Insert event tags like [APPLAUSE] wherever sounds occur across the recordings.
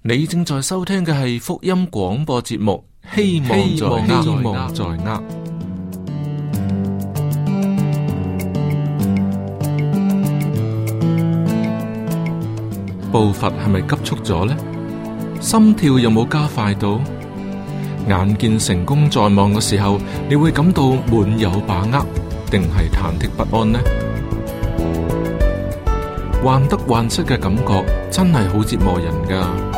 你正在收聽嘅係福音廣播節目，希望希望在握。步伐係咪急促咗呢？心跳有冇加快到？眼見成功在望嘅時候，你會感到滿有把握，定係忐忑不安呢？患得患失嘅感覺真係好折磨人噶。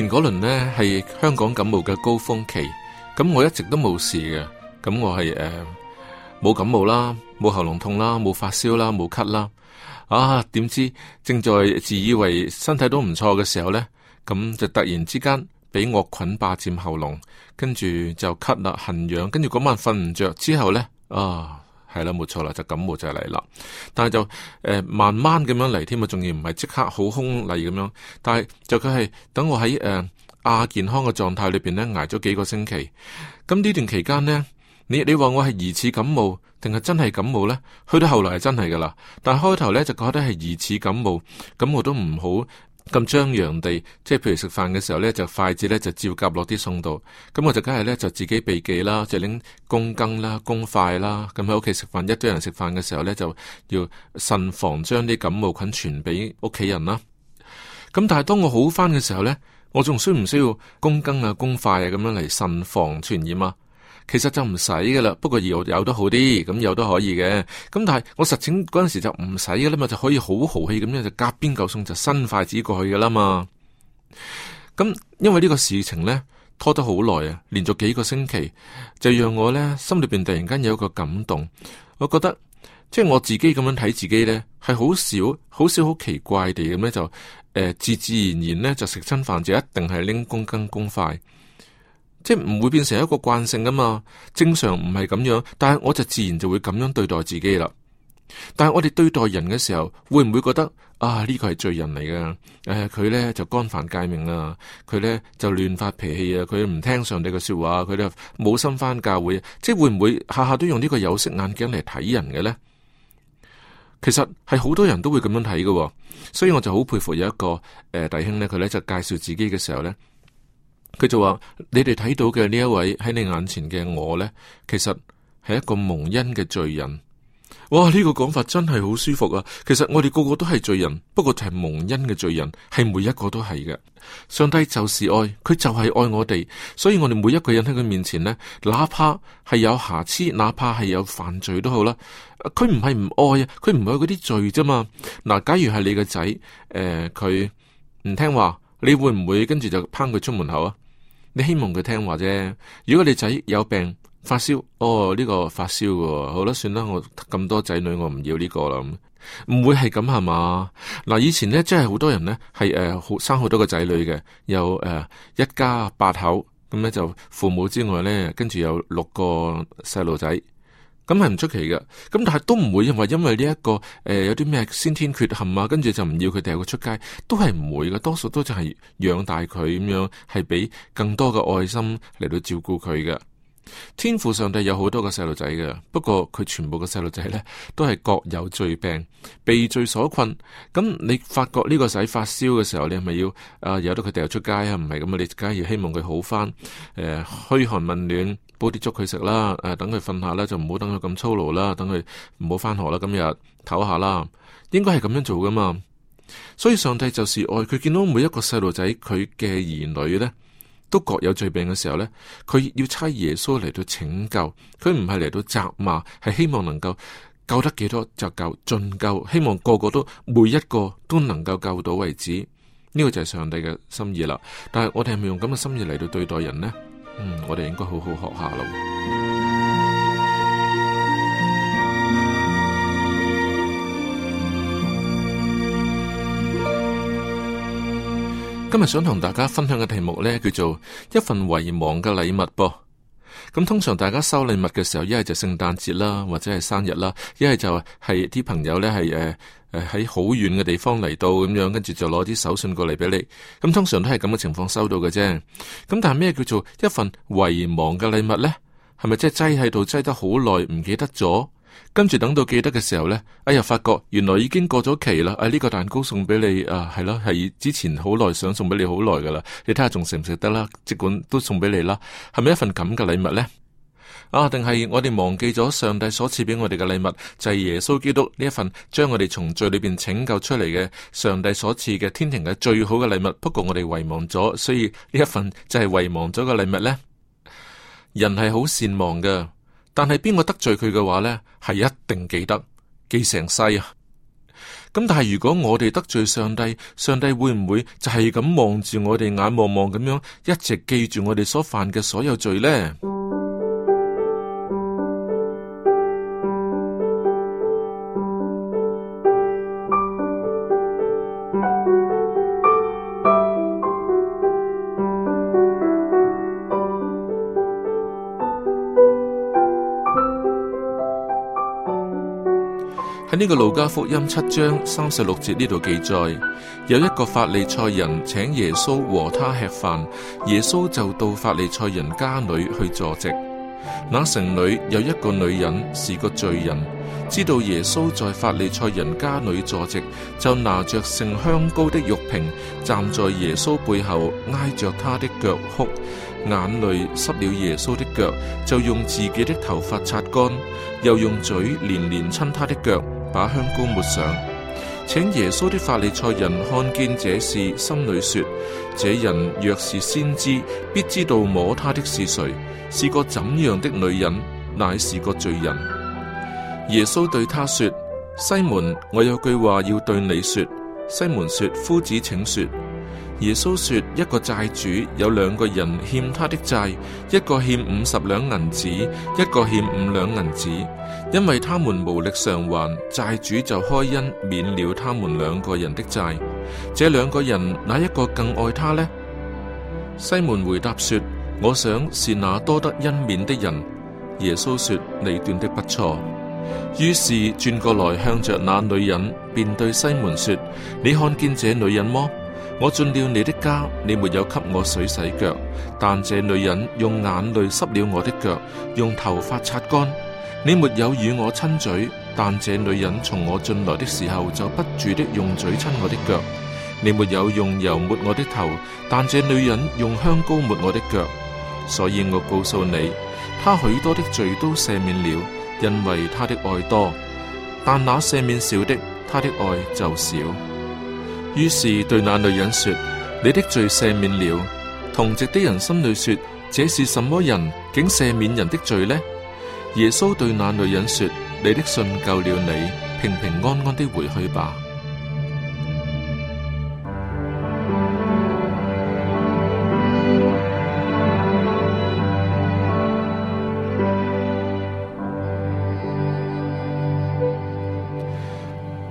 前嗰輪呢係香港感冒嘅高峰期，咁我一直都冇事嘅，咁我係誒冇感冒啦，冇喉嚨痛啦，冇發燒啦，冇咳啦，啊點知正在自以為身體都唔錯嘅時候呢，咁就突然之間俾惡菌霸占喉嚨，跟住就咳啦、痕癢，跟住嗰晚瞓唔着之後呢。啊。係啦，冇錯啦，就感冒就嚟啦。但係就誒、呃，慢慢咁樣嚟添啊，仲要唔係即刻好凶厲咁樣。但係就佢係等我喺誒亞健康嘅狀態裏邊咧，挨咗幾個星期。咁呢段期間呢，你你話我係疑似感冒定係真係感冒咧？去到後來係真係噶啦，但係開頭咧就覺得係疑似感冒，咁我都唔好。咁張揚地，即係譬如食飯嘅時候呢，就筷子呢就照夾落啲餸度。咁我就梗係呢，就自己避忌啦，就拎公羹啦、公筷啦。咁喺屋企食飯，一堆人食飯嘅時候呢，就要慎防將啲感冒菌傳俾屋企人啦。咁但係當我好返嘅時候呢，我仲需唔需要公羹啊、公筷啊咁樣嚟慎防傳染啊？其實就唔使噶啦，不過有有都好啲，咁有都可以嘅。咁但係我實踐嗰陣時就唔使噶啦嘛，就可以好豪氣咁樣就夾邊嚿餸就伸筷子過去噶啦嘛。咁因為呢個事情呢，拖得好耐啊，連續幾個星期就讓我呢，心裏邊突然間有一個感動，我覺得即係我自己咁樣睇自己呢，係好少好少好奇怪地咁咧就誒、呃，自自然然呢，就食親飯就一定係拎公斤公筷。即係唔會變成一個慣性噶嘛，正常唔係咁樣，但係我就自然就會咁樣對待自己啦。但係我哋對待人嘅時候，會唔會覺得啊呢、呢個係罪人嚟噶？誒、呃，佢咧就干犯誡命啦、啊，佢咧就亂發脾氣啊，佢唔聽上帝嘅說話，佢咧冇心翻教會、啊，即係會唔會下下都用呢個有色眼鏡嚟睇人嘅咧？其實係好多人都會咁樣睇噶、哦，所以我就好佩服有一個誒、呃、弟兄咧，佢咧就介紹自己嘅時候咧。佢就話：你哋睇到嘅呢一位喺你眼前嘅我呢，其實係一個蒙恩嘅罪人。哇！呢個講法真係好舒服啊！其實我哋個個都係罪人，不過就係蒙恩嘅罪人，係每一個都係嘅。上帝就是愛，佢就係愛我哋，所以我哋每一個人喺佢面前呢，哪怕係有瑕疵，哪怕係有犯罪都好啦，佢唔係唔愛啊，佢唔愛嗰啲罪啫嘛。嗱，假如係你個仔，誒，佢唔聽話。你會唔會跟住就拋佢出門口啊？你希望佢聽話啫。如果你仔有病發燒，哦，呢個發燒嘅，好啦，算啦，我咁多仔女我唔要呢個啦，唔會係咁係嘛？嗱，以前咧真係好多人咧係誒，生好多個仔女嘅，有誒、呃、一家八口，咁咧就父母之外咧，跟住有六個細路仔。咁係唔出奇嘅，咁但係都唔會因為因為呢一個誒、呃、有啲咩先天缺陷啊，跟住就唔要佢掉佢出街，都係唔會嘅多數都就係養大佢咁樣，係俾更多嘅愛心嚟到照顧佢嘅。天父上帝有好多個細路仔嘅，不過佢全部嘅細路仔呢，都係各有罪病，被罪所困。咁你發覺呢個仔發燒嘅時候，你係咪要啊由、呃、得佢掉出街啊？唔係咁啊，你梗係要希望佢好翻。誒、呃，噓寒問暖。煲啲粥佢食啦，誒，等佢瞓下啦，就唔好等佢咁操勞啦，等佢唔好翻學啦，今日唞下啦，應該係咁樣做噶嘛，所以上帝就是愛，佢見到每一個細路仔佢嘅兒女呢，都各有罪病嘅時候呢，佢要差耶穌嚟到拯救，佢唔係嚟到責罵，係希望能夠救得幾多就救盡救，希望個個都每一個都能夠救到為止，呢個就係上帝嘅心意啦，但係我哋係咪用咁嘅心意嚟到對待人呢？嗯，我哋應該好好學下咯。今日想同大家分享嘅題目呢，叫做一份遺忘嘅禮物噃。咁通常大家收禮物嘅時候，一係就聖誕節啦，或者係生日啦，一係就係啲朋友呢，係誒。喺好遠嘅地方嚟到咁樣，跟住就攞啲手信過嚟俾你。咁通常都係咁嘅情況收到嘅啫。咁但係咩叫做一份遺忘嘅禮物呢？係咪即係擠喺度擠得好耐，唔記得咗，跟住等到記得嘅時候呢，哎呀發覺原來已經過咗期啦。啊呢個蛋糕送俾你啊，係咯，係之前好耐想送俾你好耐噶啦。你睇下仲食唔食得啦？即管都送俾你啦。係咪一份咁嘅禮物呢？啊！定係我哋忘記咗上帝所賜俾我哋嘅禮物，就係耶穌基督呢一份將我哋從罪裏邊拯救出嚟，嘅上帝所賜嘅天庭嘅最好嘅禮物。不過我哋遺忘咗，所以呢一份就係遺忘咗嘅禮物呢。人係好善忘噶，但係邊個得罪佢嘅話呢？係一定記得，記成世啊。咁但係如果我哋得罪上帝，上帝會唔會就係咁望住我哋眼望望咁樣一直記住我哋所犯嘅所有罪呢？呢、這個路加福音七章三十六節呢度記載，有一個法利賽人請耶穌和他吃飯，耶穌就到法利賽人家裏去坐席。那城裏有一個女人是個罪人，知道耶穌在法利賽人家裏坐席，就拿着盛香膏的玉瓶，站在耶穌背後挨着他的腳哭，眼淚濕了耶穌的腳，就用自己的頭髮擦乾，又用嘴連連，連親他的腳。把香膏抹上，請耶穌的法利賽人看見這事，心裡說：這人若是先知，必知道摸他的是誰，是個怎樣的女人，乃是個罪人。耶穌對他說：西門，我有句話要對你說。西門說：夫子，請說。耶穌說：一個債主有兩個人欠他的債，一個欠五十兩銀子，一個欠五兩銀子，因為他們無力償還，債主就開恩免了他們兩個人的債。這兩個人哪一個更愛他呢？西門回答說：我想是那多得恩免的人。耶穌說：你斷的不錯。於是轉過來向着那女人，便對西門說：你看見這女人麼？我進了你的家，你沒有給我水洗腳，但這女人用眼淚濕了我的腳，用頭髮擦乾。你沒有與我親嘴，但這女人從我進來的時候就不住的用嘴親我的腳。你沒有用油抹我的頭，但這女人用香膏抹我的腳。所以我告訴你，她許多的罪都赦免了，因為她的愛多。但那赦免少的，她的愛就少。於是對那女人說：你的罪赦免了。同席的人心裏說：這是什麼人，竟赦免人的罪呢？耶穌對那女人說：你的信救了你，平平安安的回去吧。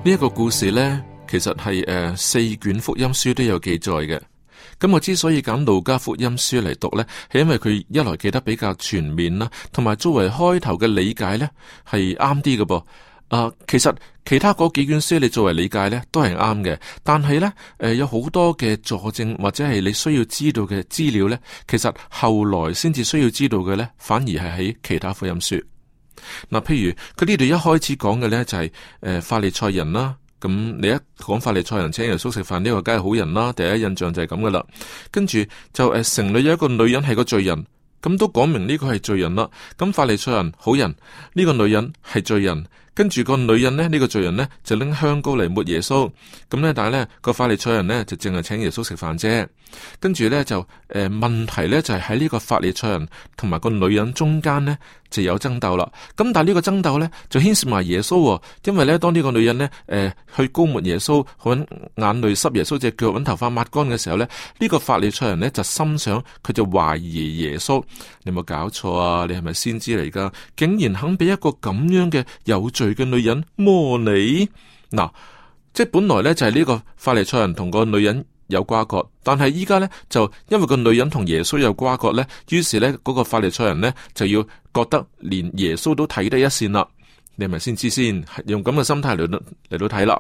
呢一 [NOISE] 個故事呢。其實係誒、呃、四卷福音書都有記載嘅，咁、嗯、我之所以揀路加福音書嚟讀呢，係因為佢一來記得比較全面啦，同埋作為開頭嘅理解呢係啱啲嘅噃。啊、呃，其實其他嗰幾卷書你作為理解呢都係啱嘅，但係呢，誒、呃、有好多嘅佐證或者係你需要知道嘅資料呢，其實後來先至需要知道嘅呢，反而係喺其他福音書。嗱、呃，譬如佢呢度一開始講嘅呢，就係、是、誒、呃、法利賽人啦、啊。咁你一講法利賽人請耶穌食飯，呢、這個梗係好人啦。第一印象就係咁噶啦，跟住就誒、呃，城裏有一個女人係個罪人。咁都講明呢個係罪人啦。咁法利賽人好人，呢個女人係罪人，跟住個女人呢，呢個罪人呢就拎香膏嚟抹耶穌。咁呢但係呢個法利賽人呢就淨係請耶穌食飯啫。跟住呢就誒，問題呢就係喺呢個法利賽人同埋個女人中間呢就有爭鬥啦。咁但係呢個爭鬥呢就牽涉埋耶穌，哦，因為呢當呢個女人呢，誒、呃、去高抹耶穌，揾眼淚濕耶穌隻腳，揾頭髮抹乾嘅時候呢呢呢個法利賽人呢就心想，佢就懷疑耶穌。你有冇搞錯啊？你係咪先知嚟㗎？竟然肯俾一個咁樣嘅有罪嘅女人摸你嗱？即係本來呢就係呢個法利賽人同個女人有瓜葛，但係依家呢，就因為個女人同耶穌有瓜葛呢，於是呢，嗰個法利賽人呢，就要覺得連耶穌都睇得一綫啦。你係咪先知先？用咁嘅心態嚟到嚟到睇啦。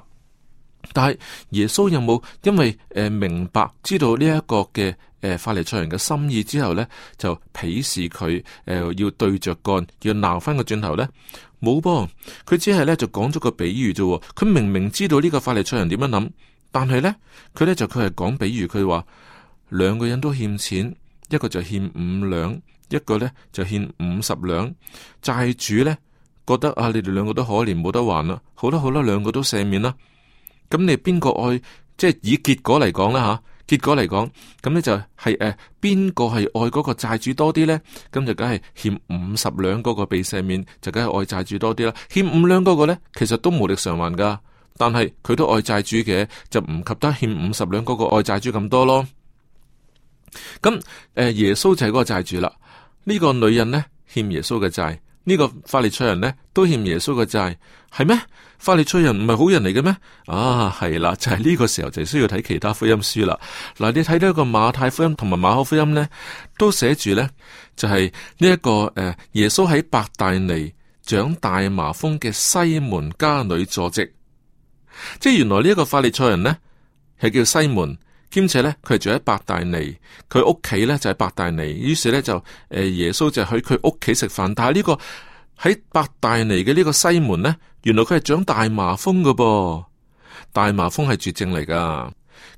但係耶穌有冇因為誒明白知道呢一個嘅，誒、呃、法利賽人嘅心意之後呢，就鄙視佢，誒、呃、要對着幹，要鬧返個轉頭呢？冇噃，佢只係呢，就講咗個比喻啫。佢明明知道呢個法利賽人點樣諗，但係呢，佢呢，就佢係講比喻，佢話，兩個人都欠錢，一個就欠五兩，一個呢就欠五十兩。債主呢，覺得啊，你哋兩個都可憐，冇得還啦。好啦好啦，兩個都赦免啦。咁你邊個愛？即係以結果嚟講啦吓，結果嚟講，咁咧就係誒，邊個係愛嗰個債主多啲呢？咁就梗係欠五十兩嗰個被赦免，就梗係愛債主多啲啦。欠五兩嗰個呢，其實都無力償還噶，但係佢都愛債主嘅，就唔及得欠五十兩嗰個愛債主咁多咯。咁誒，耶穌就係嗰個債主啦。呢個女人呢，欠耶穌嘅債。呢個法利賽人呢，都欠耶穌嘅債，係咩？法利賽人唔係好人嚟嘅咩？啊，係啦，就係、是、呢個時候就需要睇其他福音書啦。嗱、啊，你睇到一個馬太福音同埋馬可福音呢，都寫住呢，就係呢一個誒耶穌喺伯大尼長大麻風嘅西門家女坐席，即係原來呢一個法利賽人呢，係叫西門。兼且咧，佢係住喺伯大尼，佢屋企咧就係伯大尼，於是咧就誒耶穌就去佢屋企食飯。但係呢個喺伯大尼嘅呢個西門咧，原來佢係長大麻風嘅噃，大麻風係絕症嚟噶，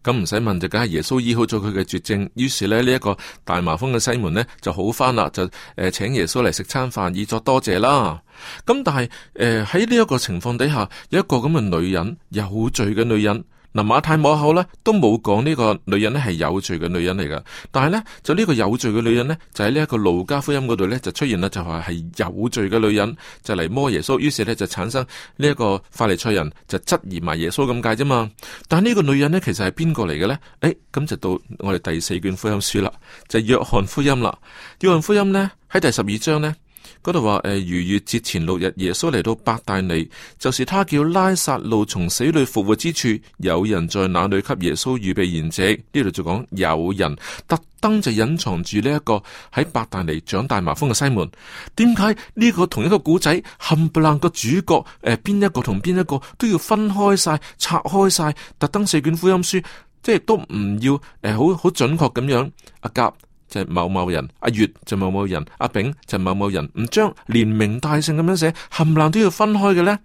咁唔使問就梗係耶穌醫好咗佢嘅絕症。於是咧呢一個大麻風嘅西門咧就好翻啦，就誒請耶穌嚟食餐飯以作多謝啦。咁但係誒喺呢一個情況底下，有一個咁嘅女人，有罪嘅女人。嗱，馬太、馬可咧都冇講呢個女人咧係有罪嘅女人嚟噶但係咧就呢個有罪嘅女人咧就喺呢一個路加福音嗰度咧就出現啦，就話係有罪嘅女人就嚟摸耶穌，於是咧就產生呢一個法利賽人就質疑埋耶穌咁解啫嘛。但係呢個女人咧其實係邊個嚟嘅咧？誒、哎，咁就到我哋第四卷福音書啦，就是、約翰福音啦。約翰福音咧喺第十二章咧。嗰度話，誒，逾越節前六日，耶穌嚟到伯大尼，就是他叫拉撒路從死裏復活之處。有人在那裡給耶穌預備筵席，呢度就講有人特登就隱藏住呢一個喺伯大尼長大麻風嘅西門。點解呢個同一個古仔冚唪唥個主角，誒、呃，邊一個同邊一個都要分開晒、拆開晒，特登四卷福音書，即係都唔要，誒、呃，好好準確咁樣，阿、啊、甲。就某某人阿月，就某某人阿炳，就某某人唔將連名帶姓咁樣寫，冚唪爛都要分開嘅呢。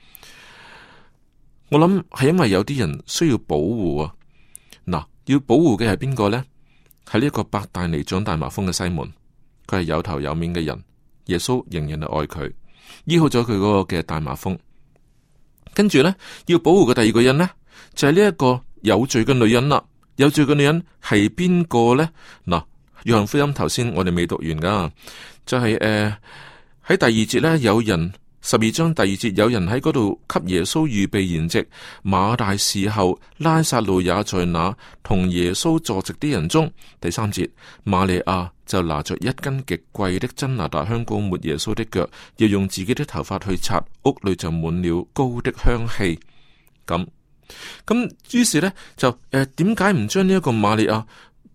我諗係因為有啲人需要保護啊。嗱，要保護嘅係邊個呢？係呢一個伯大尼長大麻風嘅西門，佢係有頭有面嘅人，耶穌仍然係愛佢，醫好咗佢嗰個嘅大麻風。跟住呢，要保護嘅第二個人呢，就係呢一個有罪嘅女人啦、啊。有罪嘅女人係邊個呢？嗱。約翰福音頭先我哋未讀完噶，就係誒喺第二節呢。有人十二章第二節，有人喺嗰度給耶穌預備筵席，馬大伺候，拉撒路也在那同耶穌坐席啲人中。第三節，瑪利亞就拿着一斤極貴的真哪噠香膏抹耶穌的腳，要用自己的頭髮去擦。屋裏就滿了膏的香氣。咁咁於是呢，就誒點解唔將呢一個瑪利亞？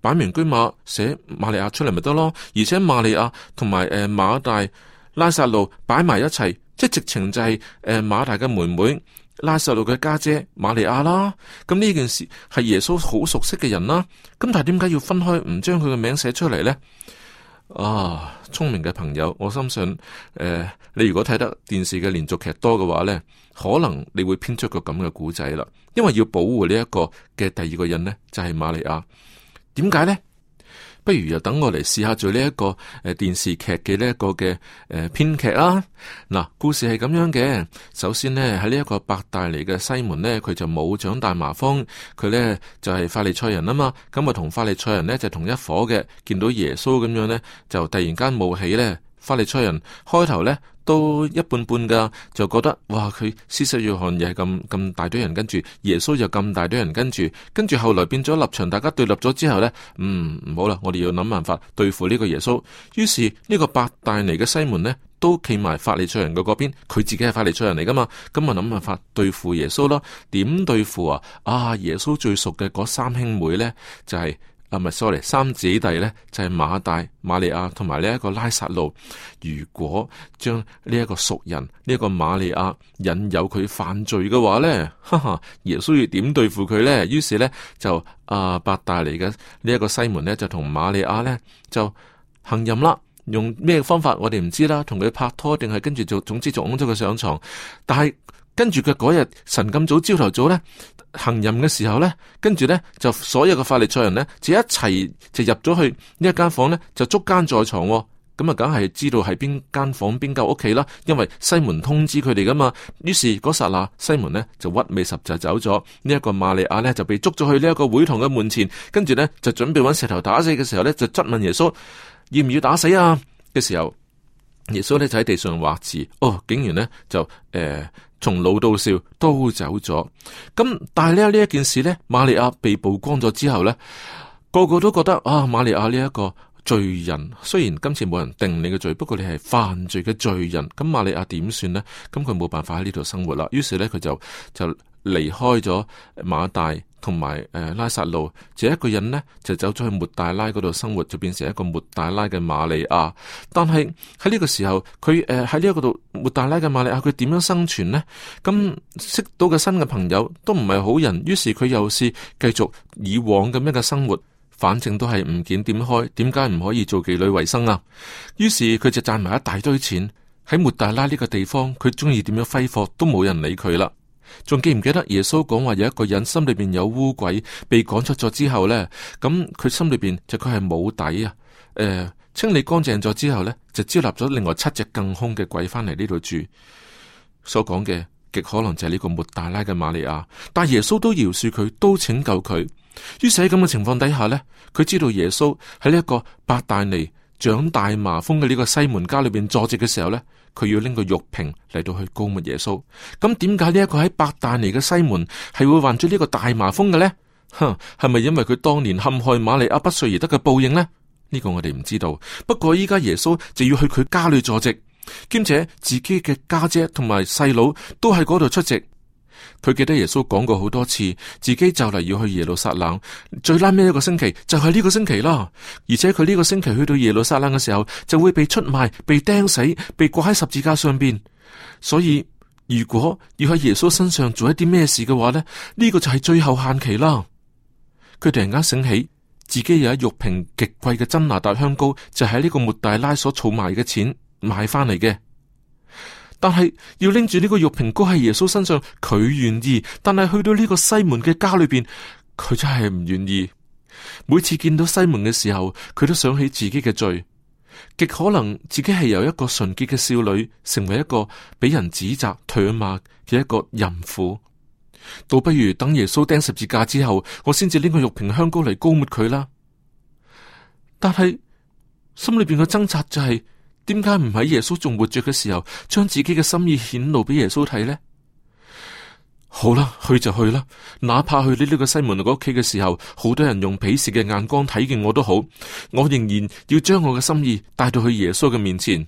擺明車馬寫瑪利亞出嚟，咪得咯，而且瑪利亞同埋誒馬大、拉撒路擺埋一齊，即係直情就係誒馬大嘅妹妹、拉撒路嘅家姐瑪利亞啦。咁、嗯、呢件事係耶穌好熟悉嘅人啦。咁但係點解要分開，唔將佢嘅名寫出嚟呢？啊，聰明嘅朋友，我相信誒、呃，你如果睇得電視嘅連續劇多嘅話呢，可能你會編出個咁嘅古仔啦。因為要保護呢、這、一個嘅第二個人呢，就係、是、瑪利亞。點解呢？不如又等我嚟試下做呢一個誒電視劇嘅呢一個嘅誒編劇啦。嗱、呃呃，故事係咁樣嘅。首先呢，喺呢一個伯大尼嘅西門呢，佢就冇長大麻風，佢呢就係、是、法利賽人啊嘛。咁啊同法利賽人呢就同一夥嘅，見到耶穌咁樣呢，就突然間冒起呢。法利賽人開頭呢都一半半噶，就覺得哇佢施洗約翰又係咁咁大堆人跟住，耶穌又咁大堆人跟住，跟住後來變咗立場，大家對立咗之後呢，嗯，唔好啦，我哋要諗辦法對付呢個耶穌。於是呢、這個伯大尼嘅西門呢，都企埋法利賽人嘅嗰邊，佢自己係法利賽人嚟噶嘛，咁啊諗辦法對付耶穌啦。點對付啊？啊耶穌最熟嘅嗰三兄妹呢，就係、是。啊，唔係，sorry 三姊弟咧就係、是、馬大、馬利亞同埋呢一個拉撒路。如果將呢一個熟人呢一、這個馬利亞引誘佢犯罪嘅話咧，哈哈，耶穌要點對付佢咧？於是咧就阿、啊、伯大尼嚟嘅呢一個西門咧就同馬利亞咧就行淫啦，用咩方法我哋唔知啦，同佢拍拖定係跟住就總之就擁咗佢上床，但係。跟住佢嗰日神咁早朝頭早咧，行任嘅時候咧，跟住咧就所有嘅法利賽人咧就一齊就入咗去呢一間房咧，就捉奸在床咁，哦、啊，梗係知道係邊間房邊間屋企啦。因為西門通知佢哋噶嘛，於是嗰剎那、剎那西門咧就屈尾十就走咗，呢一個瑪利亞咧就被捉咗去呢一個會堂嘅門前，跟住咧就準備揾石頭打死嘅時候咧，就質問耶穌要唔要打死啊嘅時候，耶穌咧就喺地上畫字哦，竟然咧就誒。呃從老到少都走咗，咁但係呢呢一件事呢，瑪利亞被曝光咗之後呢個個都覺得啊，瑪利亞呢一個罪人，雖然今次冇人定你嘅罪，不過你係犯罪嘅罪人，咁瑪利亞點算呢？咁佢冇辦法喺呢度生活啦，於是呢，佢就就。就離開咗馬大同埋誒拉撒路，這一個人呢，就走咗去抹大拉嗰度生活，就變成一個抹大拉嘅瑪利亞。但係喺呢個時候，佢誒喺呢一個度抹大拉嘅瑪利亞，佢點樣生存呢？咁、嗯、識到嘅新嘅朋友都唔係好人，於是佢又試繼續以往咁樣嘅生活，反正都係唔檢點開，點解唔可以做妓女為生啊？於是佢就賺埋一大堆錢喺抹大拉呢個地方，佢中意點樣揮霍都冇人理佢啦。仲記唔記得耶穌講話有一個人心裏邊有污鬼，被趕出咗之後呢？咁佢心裏邊就佢係冇底啊。誒、呃，清理乾淨咗之後呢，就招納咗另外七隻更兇嘅鬼翻嚟呢度住。所講嘅極可能就係呢個抹大拉嘅瑪利亞，但耶穌都饒恕佢，都拯救佢。於是喺咁嘅情況底下呢，佢知道耶穌喺呢一個伯大尼長大麻風嘅呢個西門家裏邊坐席嘅時候呢。佢要拎個玉瓶嚟到去告密耶穌，咁點解呢一個喺伯大尼嘅西門係會患咗呢個大麻風嘅呢？哼，係咪因為佢當年陷害瑪利亞不遂而得嘅報應呢？呢、呢個我哋唔知道。不過依家耶穌就要去佢家裏坐席，兼且自己嘅家姐同埋細佬都喺嗰度出席。佢記得耶穌講過好多次，自己就嚟要去耶路撒冷，最拉尾一個星期就係、是、呢個星期啦。而且佢呢個星期去到耶路撒冷嘅時候，就會被出賣、被釘死、被掛喺十字架上邊。所以如果要喺耶穌身上做一啲咩事嘅話咧，呢、這個就係最後限期啦。佢突然間醒起，自己有一玉瓶極貴嘅珍拿達香膏，就喺、是、呢個抹大拉所儲埋嘅錢買翻嚟嘅。但係要拎住呢個玉瓶膏喺耶穌身上，佢願意；但係去到呢個西門嘅家裏邊，佢真係唔願意。每次見到西門嘅時候，佢都想起自己嘅罪，極可能自己係由一個純潔嘅少女，成為一個俾人指責唾罵嘅一個淫婦。倒不如等耶穌釘十字架之後，我先至拎個玉瓶香膏嚟膏抹佢啦。但係心裏邊嘅掙扎就係、是。點解唔喺耶穌仲活着嘅時候，將自己嘅心意顯露俾耶穌睇呢？好啦，去就去啦，哪怕去呢呢個西門屋企嘅時候，好多人用鄙視嘅眼光睇見我都好，我仍然要將我嘅心意帶到去耶穌嘅面前。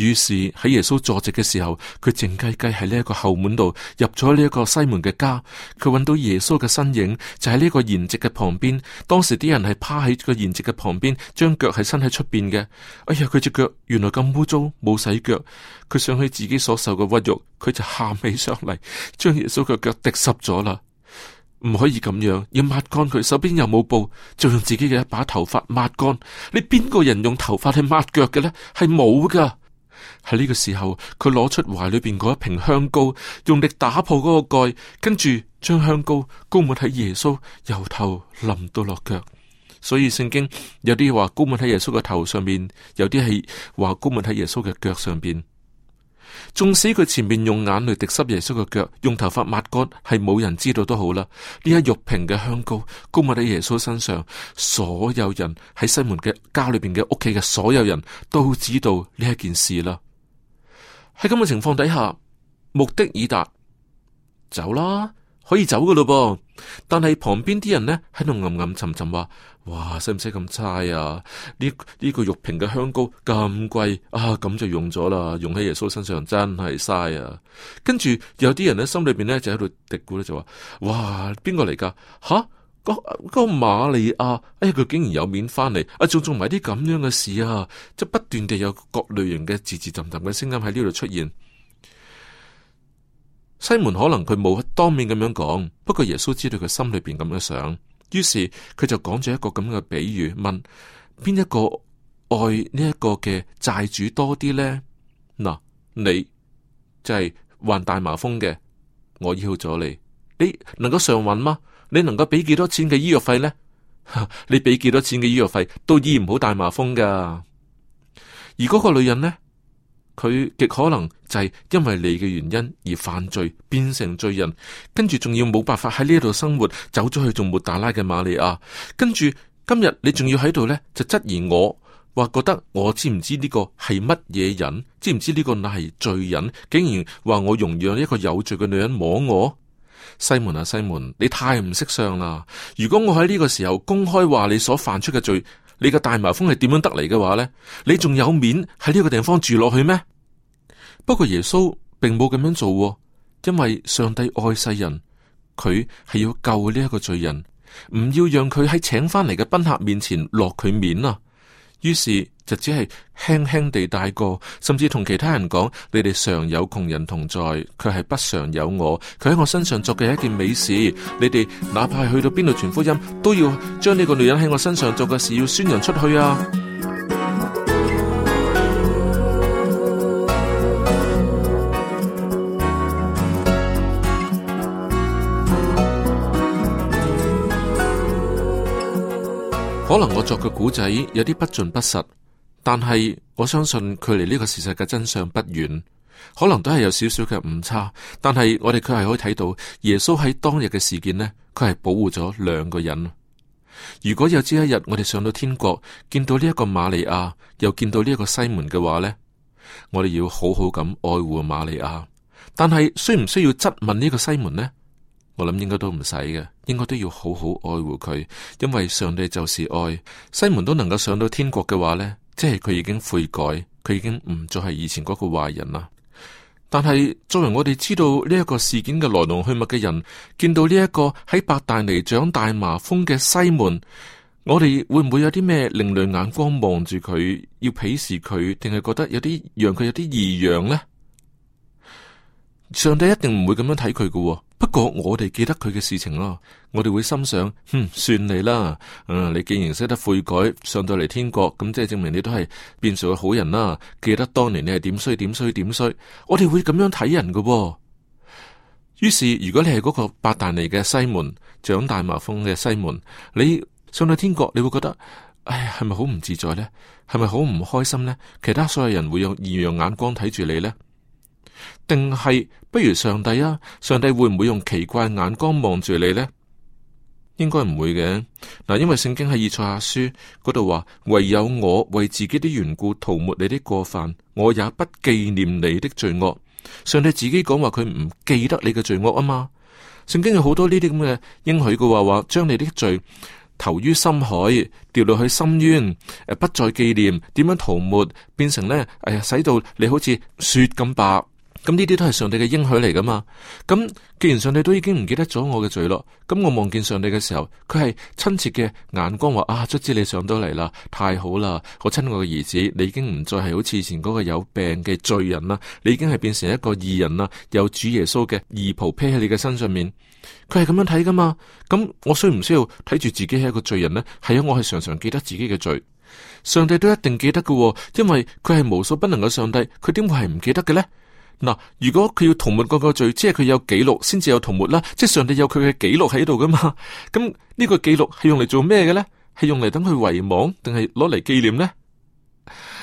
於是喺耶穌坐席嘅時候，佢靜雞雞喺呢一個後門度入咗呢一個西門嘅家，佢揾到耶穌嘅身影就喺呢個筵席嘅旁邊。當時啲人係趴喺個筵席嘅旁邊，將腳係伸喺出邊嘅。哎呀，佢隻腳原來咁污糟，冇洗腳。佢想起自己所受嘅屈辱，佢就喊起上嚟，將耶穌嘅腳腳滴濕咗啦。唔可以咁樣，要抹乾佢手邊又冇布，就用自己嘅一把頭髮抹乾。你邊個人用頭髮去抹腳嘅呢？係冇㗎。喺呢個時候，佢攞出懷裏邊嗰一瓶香膏，用力打破嗰個蓋，跟住將香膏膏抹喺耶穌，由頭淋到落腳。所以聖經有啲話膏抹喺耶穌嘅頭上面，有啲係話膏抹喺耶穌嘅腳上邊。縱使佢前面用眼淚滴濕耶穌嘅腳，用頭髮抹乾，係冇人知道都好啦。呢一玉瓶嘅香膏，膏抹喺耶穌身上，所有人喺西門嘅家裏邊嘅屋企嘅所有人都知道呢一件事啦。喺咁嘅情況底下，目的已達，走啦，可以走噶咯噃。但係旁邊啲人呢喺度暗暗沉沉話。哇，使唔使咁差啊？呢、呢個玉瓶嘅香膏咁貴啊，咁就用咗啦，用喺耶穌身上真係嘥！啊跟住有啲人咧，心裏邊咧就喺度嘀咕咧，就話：，哇，邊個嚟？噶吓、啊，嗰嗰個瑪利亞，哎佢竟然有面翻嚟，啊，仲做埋啲咁樣嘅事！啊即係不斷地有各類型嘅字字氹氹嘅聲音喺呢度出現。西門可能佢冇當面咁樣講，不過耶穌知道佢心裏邊咁樣想。於是佢就講咗一個咁嘅比喻，問邊一個愛呢一個嘅債主多啲呢？嗱，你就係、是、患大麻風嘅，我醫好咗你，你能夠償還嗎？你能夠俾幾多錢嘅醫藥費呢？你俾幾多錢嘅醫藥費都醫唔好大麻風噶，而嗰個女人呢？佢極可能就係因為你嘅原因而犯罪，變成罪人，跟住仲要冇辦法喺呢度生活，走咗去做抹大拉嘅瑪利亞，跟住今日你仲要喺度呢，就質疑我，話覺得我知唔知呢個係乜嘢人，知唔知呢個係罪人，竟然話我容讓一個有罪嘅女人摸我，西門啊西門，你太唔識相啦！如果我喺呢個時候公開話你所犯出嘅罪。你個大麻風係點樣得嚟嘅話呢？你仲有面喺呢個地方住落去咩？不過耶穌並冇咁樣做喎，因為上帝愛世人，佢係要救呢一個罪人，唔要讓佢喺請翻嚟嘅賓客面前落佢面啊。於是就只係輕輕地帶過，甚至同其他人講：你哋常有窮人同在，佢係不常有我。佢喺我身上作嘅係一件美事。你哋哪怕去到邊度傳福音，都要將呢個女人喺我身上做嘅事要宣揚出去啊！可能我作嘅古仔有啲不盡不實，但係我相信距離呢個事實嘅真相不遠。可能都係有少少嘅誤差，但係我哋卻係可以睇到耶穌喺當日嘅事件呢，佢係保護咗兩個人。如果有朝一日我哋上到天國，見到呢一個瑪利亞，又見到呢一個西門嘅話呢，我哋要好好咁愛護瑪利亞。但係需唔需要質問呢個西門呢？我諗應該都唔使嘅，應該都要好好愛護佢，因為上帝就是愛。西門都能夠上到天國嘅話呢即係佢已經悔改，佢已經唔再係以前嗰個壞人啦。但係作為我哋知道呢一個事件嘅來龍去脈嘅人，見到呢一個喺白大尼長大麻風嘅西門，我哋會唔會有啲咩另類眼光望住佢，要鄙視佢，定係覺得有啲讓佢有啲異樣呢？上帝一定唔會咁樣睇佢嘅。不過我哋記得佢嘅事情咯，我哋會心想：哼、嗯，算你啦！誒、嗯，你既然識得悔改，上到嚟天國，咁即係證明你都係變做個好人啦。記得當年你係點衰、點衰、點衰，我哋會咁樣睇人㗎喎。於是，如果你係嗰個伯大尼嘅西門，長大麻風嘅西門，你上到天國，你會覺得：哎，係咪好唔自在呢？係咪好唔開心呢？其他所有人會用異樣眼光睇住你呢。」定係不如上帝啊！上帝會唔會用奇怪眼光望住你呢？應該唔會嘅嗱，因為聖經喺以賽亞書嗰度話，唯有我為自己啲緣故塗抹你啲過犯，我也不紀念你的罪惡。上帝自己講話佢唔記得你嘅罪惡啊嘛！聖經有好多呢啲咁嘅應許嘅話，話將你啲罪投於深海，掉落去深淵，不再紀念，點樣塗抹變成咧？誒、哎呀、使到你好似雪咁白。咁呢啲都係上帝嘅應許嚟噶嘛？咁既然上帝都已經唔記得咗我嘅罪咯，咁我望見上帝嘅時候，佢係親切嘅眼光，話啊，卒之你上到嚟啦，太好啦，我親愛嘅兒子，你已經唔再係好似以前嗰個有病嘅罪人啦，你已經係變成一個義人啦，有主耶穌嘅義袍披喺你嘅身上面，佢係咁樣睇噶嘛？咁我需唔需要睇住自己係一個罪人呢？係因為，我係常常記得自己嘅罪，上帝都一定記得噶，因為佢係無所不能嘅上帝，佢點會係唔記得嘅呢？嗱，如果佢要塗抹嗰個罪，即係佢有記錄先至有塗抹啦，即係上帝有佢嘅記錄喺度噶嘛？咁呢個記錄係用嚟做咩嘅呢？係用嚟等佢遺忘，定係攞嚟紀念呢？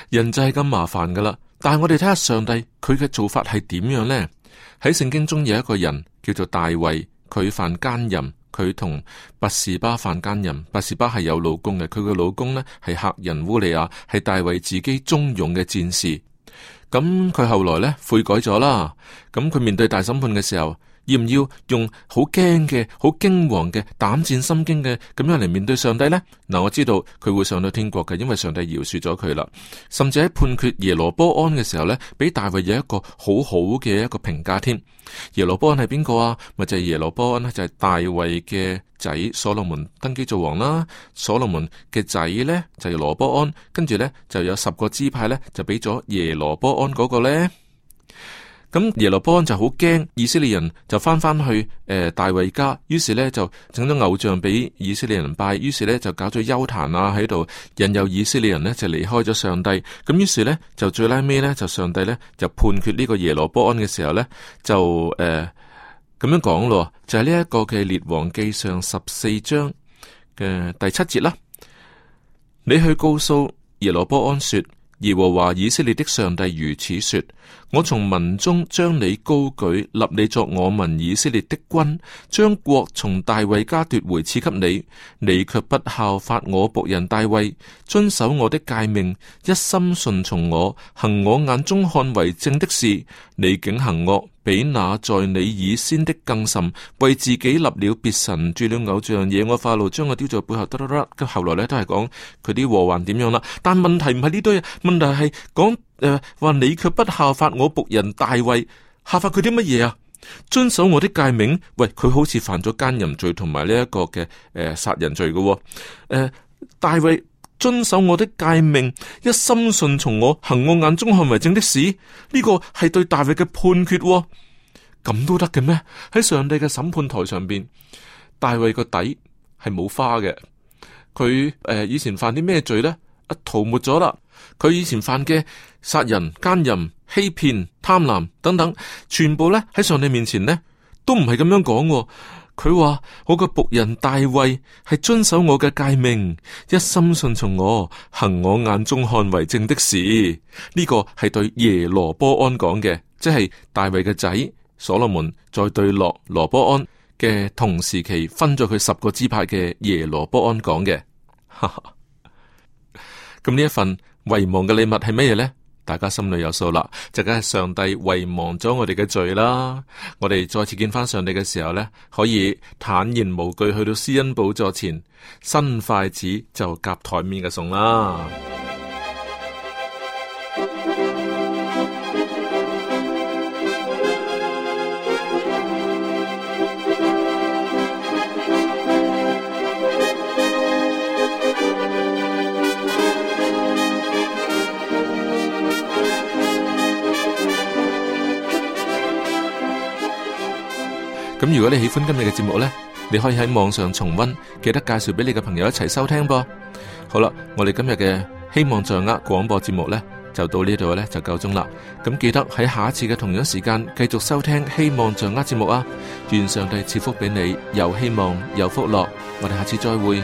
人就係咁麻煩噶啦。但係我哋睇下上帝佢嘅做法係點樣呢？喺聖經中有一個人叫做大衛，佢犯奸淫，佢同拔示巴犯奸淫。拔示巴係有老公嘅，佢嘅老公呢係客人烏利亞，係大衛自己忠勇嘅戰士。咁佢後來咧悔改咗啦。咁佢面對大審判嘅時候，要唔要用好驚嘅、好驚惶嘅、膽戰心驚嘅咁樣嚟面對上帝呢？嗱、嗯，我知道佢會上到天國嘅，因為上帝饒恕咗佢啦。甚至喺判決耶羅波安嘅時候呢，俾大衛有一個好好嘅一個評價添。耶羅波安係邊個啊？咪就係、是、耶，耶羅波安，就係大衛嘅仔所羅門登基做王啦。所羅門嘅仔呢，就係羅波安，跟住呢，就有十個支派呢，就俾咗耶羅波安嗰個呢。咁耶羅波安就好驚，以色列人就翻翻去誒、呃、大衛家，於是呢就整咗偶像俾以色列人拜，於是呢就搞咗邱壇啊喺度，引誘以色列人呢就離開咗上帝。咁於是呢，就最拉尾呢，就上帝呢就判決呢個耶羅波安嘅時候呢，就誒咁、呃、樣講咯，就係呢一個嘅列王紀上十四章嘅第七節啦。你去告訴耶羅波安說。而耶和華以色列的上帝如此說：我從民中將你高舉，立你作我民以色列的君，將國從大衛家奪，奪回賜給你。你卻不效法我僕人大衛，遵守我的誡命，一心順從我，行我眼中看為正的事。你竟行惡。比那在你以先的更甚，為自己立了別神，住了偶像嘢，野我發怒，將我丟在背後，得得得。咁後來咧都係講佢啲禍患點樣啦。但問題唔係呢堆嘢，問題係講誒，話你卻不效法我僕人大衛，效法佢啲乜嘢啊？遵守我的誡命，喂，佢好似犯咗奸淫罪同埋呢一個嘅誒、呃、殺人罪嘅、哦。誒、呃，大衛。遵守我的誡命，一心順從我，行我眼中看為正的事，呢個係對大衛嘅判決，哦。咁都得嘅咩？喺上帝嘅審判台上邊，大衛個底係冇花嘅。佢誒、呃，以前犯啲咩罪呢？啊，塗抹咗啦！佢以前犯嘅殺人、奸淫、欺騙、貪婪等等，全部呢喺上帝面前呢，都唔係咁樣講，哦。佢話：我個僕人大衛係遵守我嘅誡命，一心順從我，行我眼中看為正的事。呢、這個係對耶羅波安講嘅，即係大衛嘅仔所羅門，在對羅，羅波安嘅同時期分咗佢十個支派嘅耶羅波安講嘅。咁呢一份遺忘嘅禮物係乜嘢呢？大家心裏有數啦，就梗係上帝遺忘咗我哋嘅罪啦，我哋再次見翻上帝嘅時候呢，可以坦然無懼去到施恩寶座前，伸筷子就夾台面嘅餸啦。如果你喜歡今日嘅節目咧，你可以喺網上重温，記得介紹俾你嘅朋友一齊收聽噃。好啦，我哋今日嘅希望掌握廣播節目咧，就到呢度咧就夠鐘啦。咁記得喺下一次嘅同樣時間繼續收聽希望掌握節目啊！願上帝賜福俾你，又希望又福樂。我哋下次再會。